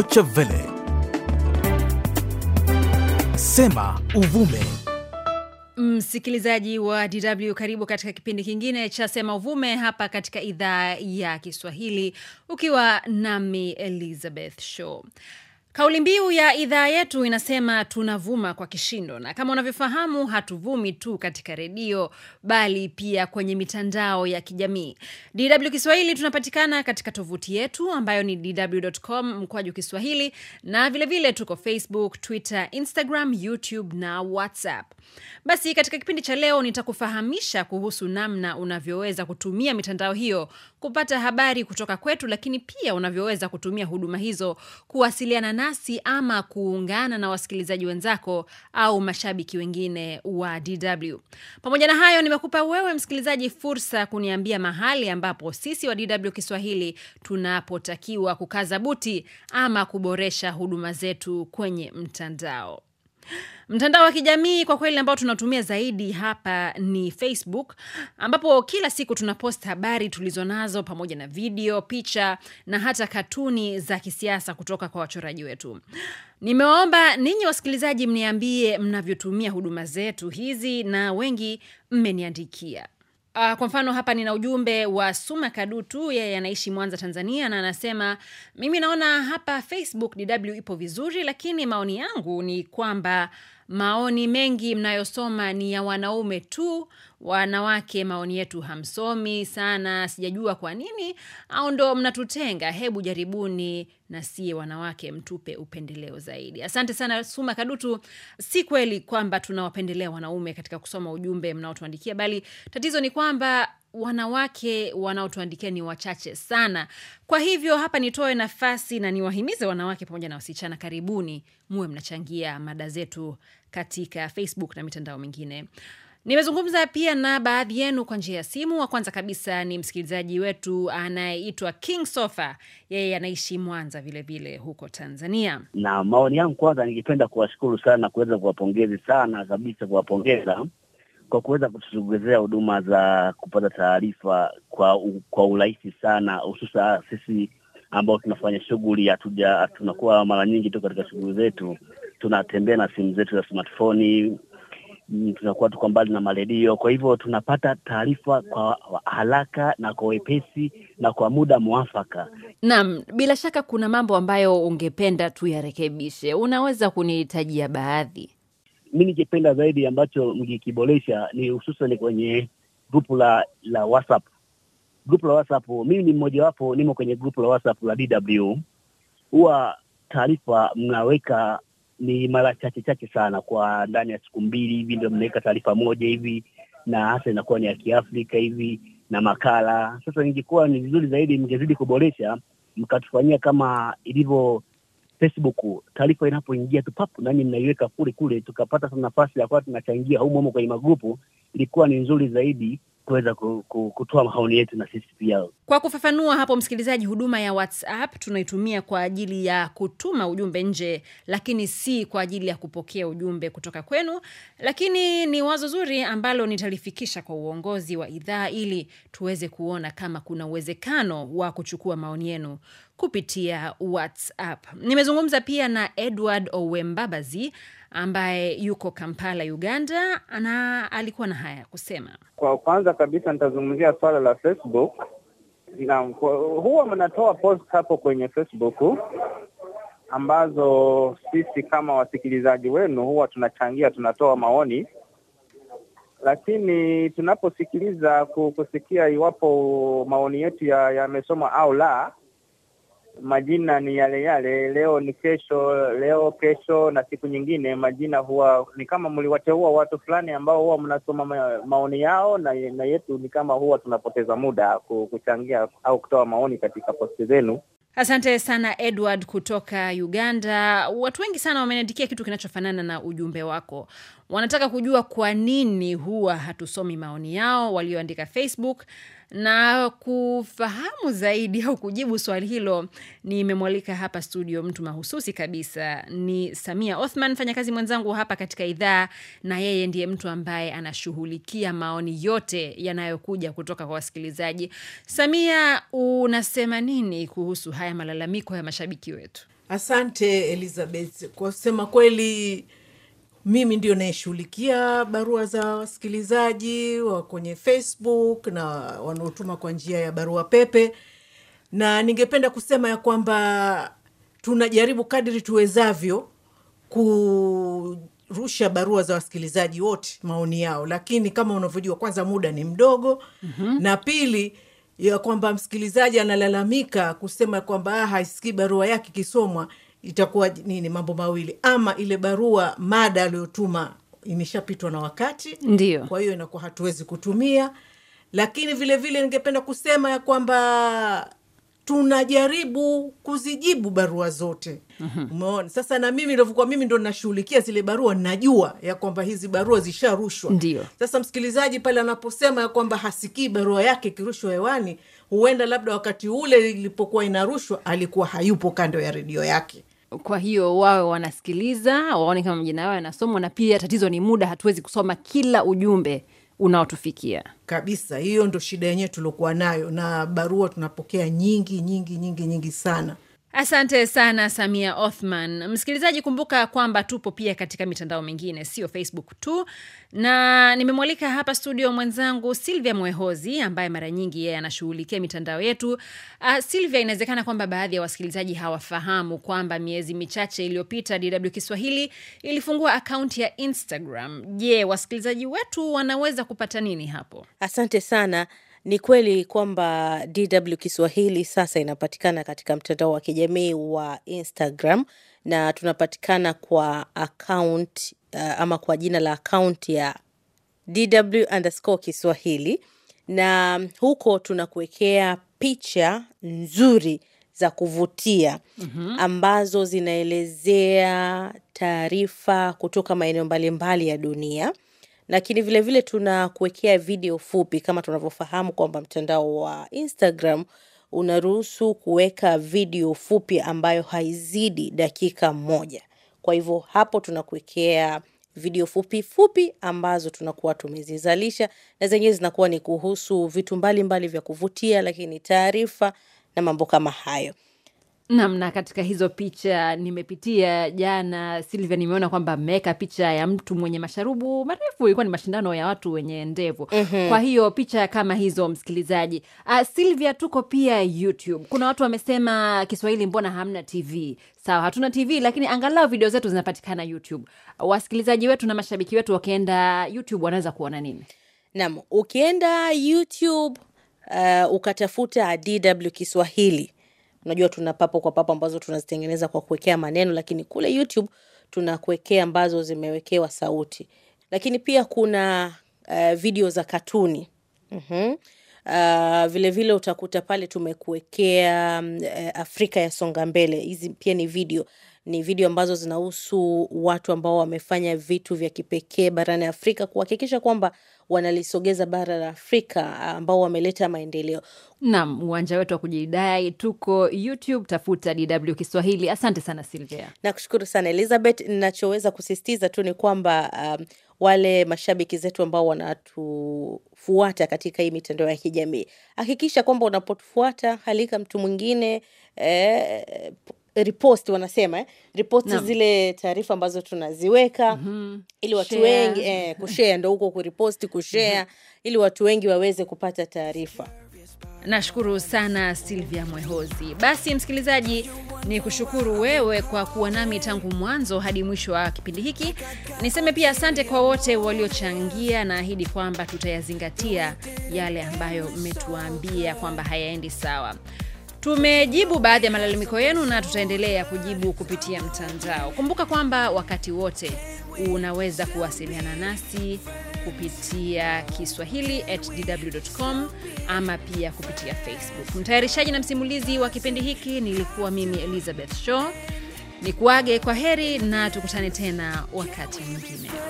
Deutsche Welle. Sema uvume. Msikilizaji wa DW, karibu katika kipindi kingine cha Sema Uvume hapa katika idhaa ya Kiswahili, ukiwa nami Elizabeth Shaw. Kauli mbiu ya idhaa yetu inasema tunavuma kwa kishindo, na kama unavyofahamu, hatuvumi tu katika redio, bali pia kwenye mitandao ya kijamii. DW Kiswahili tunapatikana katika tovuti yetu ambayo ni dw.com mkwaju Kiswahili, na vilevile vile tuko Facebook, Twitter, Instagram, YouTube na WhatsApp. Basi katika kipindi cha leo nitakufahamisha kuhusu namna unavyoweza kutumia mitandao hiyo kupata habari kutoka kwetu, lakini pia unavyoweza kutumia huduma hizo kuwasiliana nasi ama kuungana na wasikilizaji wenzako au mashabiki wengine wa DW. Pamoja na hayo, nimekupa wewe msikilizaji fursa kuniambia mahali ambapo sisi wa DW Kiswahili tunapotakiwa kukaza buti ama kuboresha huduma zetu kwenye mtandao. Mtandao wa kijamii kwa kweli ambao tunatumia zaidi hapa ni Facebook, ambapo kila siku tunapost habari tulizonazo pamoja na video, picha na hata katuni za kisiasa kutoka kwa wachoraji wetu. Nimewaomba ninyi wasikilizaji mniambie mnavyotumia huduma zetu hizi, na wengi mmeniandikia. Uh, kwa mfano hapa nina ujumbe wa Suma Kadutu, yeye anaishi Mwanza, Tanzania, na anasema mimi naona hapa Facebook DW ipo vizuri, lakini maoni yangu ni kwamba maoni mengi mnayosoma ni ya wanaume tu wanawake maoni yetu hamsomi sana sijajua kwa nini au ndo mnatutenga hebu jaribuni na siye wanawake mtupe upendeleo zaidi asante sana suma kadutu si kweli kwamba tunawapendelea wanaume katika kusoma ujumbe mnaotuandikia bali tatizo ni kwamba wanawake wanaotuandikia ni wachache sana. Kwa hivyo hapa nitoe nafasi na niwahimize wanawake pamoja na wasichana, karibuni muwe mnachangia mada zetu katika Facebook na mitandao mingine. Nimezungumza pia na baadhi yenu kwa njia ya simu. Wa kwanza kabisa ni msikilizaji wetu anayeitwa King Sofa, yeye anaishi Mwanza vilevile vile huko Tanzania. Na maoni yangu kwanza, ningependa kuwashukuru sana, kuweza kuwapongezi sana kabisa, kuwapongeza kwa kuweza kutusogezea huduma za kupata taarifa kwa u, kwa urahisi sana, hususa sisi ambao tunafanya shughuli hatuja, tunakuwa mara nyingi tu katika shughuli zetu tunatembea na simu zetu za smartphone, tunakuwa tuko mbali na maredio. Kwa hivyo tunapata taarifa kwa haraka na kwa wepesi na kwa muda mwafaka. Naam, bila shaka kuna mambo ambayo ungependa tuyarekebishe, unaweza kunihitajia baadhi? mi nikipenda zaidi ambacho mkikiboresha ni hususan kwenye grupu la, la WhatsApp. Grupu la WhatsApp, mimi ni mmojawapo, nimo kwenye grupu la WhatsApp la DW. Huwa taarifa mnaweka ni mara chache chache sana, kwa ndani ya siku mbili hivi ndio mnaweka taarifa moja hivi, na hasa inakuwa ni ya Kiafrika hivi na makala. Sasa ningekuwa ni vizuri zaidi mngezidi kuboresha, mkatufanyia kama ilivyo Facebook taarifa inapoingia tu papu, mnaiweka kule kule, tukapata nafasi ya kuwa tunachangia humo humo kwenye magrupu, ilikuwa ni nzuri zaidi kuweza kutoa maoni yetu na sisi pia. Kwa kufafanua hapo, msikilizaji, huduma ya WhatsApp tunaitumia kwa ajili ya kutuma ujumbe nje, lakini si kwa ajili ya kupokea ujumbe kutoka kwenu. Lakini ni wazo zuri ambalo nitalifikisha kwa uongozi wa idhaa ili tuweze kuona kama kuna uwezekano wa kuchukua maoni yenu kupitia WhatsApp. Nimezungumza pia na Edward Owembabazi ambaye yuko Kampala, Uganda, na alikuwa na haya ya kusema. Kwa kwanza kabisa nitazungumzia swala la Facebook. Naam, huwa mnatoa post hapo kwenye Facebook ambazo sisi kama wasikilizaji wenu huwa tunachangia, tunatoa maoni, lakini tunaposikiliza kusikia iwapo maoni yetu yamesoma ya au la majina ni yale yale, leo ni kesho, leo kesho na siku nyingine. Majina huwa ni kama mliwateua watu fulani ambao huwa mnasoma maoni yao na, na yetu ni kama huwa tunapoteza muda kuchangia au kutoa maoni katika posti zenu. Asante sana Edward kutoka Uganda. Watu wengi sana wameniandikia kitu kinachofanana na ujumbe wako. Wanataka kujua kwa nini huwa hatusomi maoni yao walioandika Facebook na kufahamu zaidi au kujibu swali hilo, nimemwalika hapa studio mtu mahususi kabisa. Ni Samia Othman, mfanyakazi mwenzangu hapa katika idhaa, na yeye ndiye mtu ambaye anashughulikia maoni yote yanayokuja kutoka kwa wasikilizaji. Samia, unasema nini kuhusu haya malalamiko ya mashabiki wetu? Asante Elizabeth, kwa kusema kweli mimi ndio nayeshughulikia barua za wasikilizaji wa kwenye Facebook na wanaotuma kwa njia ya barua pepe, na ningependa kusema ya kwamba tunajaribu kadri tuwezavyo kurusha barua za wasikilizaji wote, maoni yao, lakini kama unavyojua, kwanza muda ni mdogo mm-hmm. na pili ya kwamba msikilizaji analalamika kusema kwamba ah, haisikii barua yake ikisomwa itakuwa nini? Mambo mawili, ama ile barua mada aliyotuma imeshapitwa na wakati, ndio kwa hiyo inakuwa hatuwezi kutumia. Lakini vile vile ningependa kusema ya kwamba tunajaribu kuzijibu barua zote. mm-hmm. Umeona sasa, na mimi ndivyokuwa, mimi ndo nashughulikia zile barua, najua ya kwamba hizi barua zisharushwa. Ndio sasa msikilizaji pale anaposema ya kwamba hasikii barua yake ikirushwa hewani, huenda labda wakati ule ilipokuwa inarushwa alikuwa hayupo kando ya redio yake. Kwa hiyo wawe wanasikiliza, waone kama majina yao yanasomwa, na pia tatizo ni muda, hatuwezi kusoma kila ujumbe unaotufikia kabisa. Hiyo ndo shida yenyewe tuliokuwa nayo, na barua tunapokea nyingi nyingi nyingi nyingi sana. Asante sana Samia Othman. Msikilizaji, kumbuka kwamba tupo pia katika mitandao mingine, sio Facebook tu, na nimemwalika hapa studio mwenzangu Silvia Mwehozi ambaye mara nyingi yeye anashughulikia mitandao yetu. Uh, ah, Silvia, inawezekana kwamba baadhi ya wasikilizaji hawafahamu kwamba miezi michache iliyopita DW Kiswahili ilifungua akaunti ya Instagram. Je, wasikilizaji wetu wanaweza kupata nini hapo? Asante sana. Ni kweli kwamba DW Kiswahili sasa inapatikana katika mtandao wa kijamii wa Instagram na tunapatikana kwa akaunt uh, eh, ama kwa jina la akaunti ya DW underscore Kiswahili, na huko tunakuwekea picha nzuri za kuvutia mhm. ambazo zinaelezea taarifa kutoka maeneo mbalimbali ya dunia lakini vile vile tunakuwekea video fupi, kama tunavyofahamu kwamba mtandao wa Instagram unaruhusu kuweka video fupi ambayo haizidi dakika moja. Kwa hivyo hapo tunakuwekea video fupi fupi ambazo tunakuwa tumezizalisha na zenyewe zinakuwa ni kuhusu vitu mbalimbali mbali vya kuvutia, lakini taarifa na mambo kama hayo namna na katika hizo picha nimepitia jana, Silvia, nimeona kwamba ameweka picha ya mtu mwenye masharubu marefu, ilikuwa ni mashindano ya watu wenye ndevu. Mhm. Kwa hiyo picha kama hizo, msikilizaji. Uh, ah, Silvia, tuko pia YouTube. Kuna watu wamesema Kiswahili mbona hamna TV? Sawa, hatuna TV lakini angalau video zetu zinapatikana YouTube. Wasikilizaji wetu na mashabiki wetu wakienda YouTube wanaweza kuona nini? nam ukienda YouTube uh, ukatafuta DW Kiswahili Unajua tuna papo kwa papo ambazo tunazitengeneza kwa kuwekea maneno, lakini kule YouTube tuna kuwekea ambazo zimewekewa sauti. Lakini pia kuna uh, video za katuni. mm-hmm. Uh, vile vile utakuta pale tumekuwekea uh, Afrika ya Songa Mbele. Hizi pia ni video ni video ambazo zinahusu watu ambao wamefanya vitu vya kipekee barani Afrika kuhakikisha kwamba wanalisogeza bara la Afrika ah, ambao wameleta maendeleo. Naam, uwanja wetu wa kujidai tuko YouTube, tafuta DW Kiswahili. Asante sana Silvia. Nakushukuru sana Elizabeth. Ninachoweza kusisitiza tu ni kwamba um, wale mashabiki zetu ambao wanatufuata katika hii mitandao ya kijamii, hakikisha kwamba unapotufuata halika mtu mwingine eh, Eh, repost wanasema eh? repost zile taarifa ambazo tunaziweka mm-hmm. ili watu share. wengi eh, kushare ndo huko kuriposti kushare mm-hmm. ili watu wengi waweze kupata taarifa nashukuru sana silvia mwehozi basi msikilizaji ni kushukuru wewe kwa kuwa nami tangu mwanzo hadi mwisho wa kipindi hiki niseme pia asante kwa wote waliochangia naahidi kwamba tutayazingatia yale ambayo mmetuambia kwamba hayaendi sawa Tumejibu baadhi ya malalamiko yenu na tutaendelea kujibu kupitia mtandao. Kumbuka kwamba wakati wote unaweza kuwasiliana nasi kupitia Kiswahili at dw.com ama pia kupitia Facebook. Mtayarishaji na msimulizi wa kipindi hiki nilikuwa mimi Elizabeth Shaw. Nikuage kwa heri na tukutane tena wakati mwingine.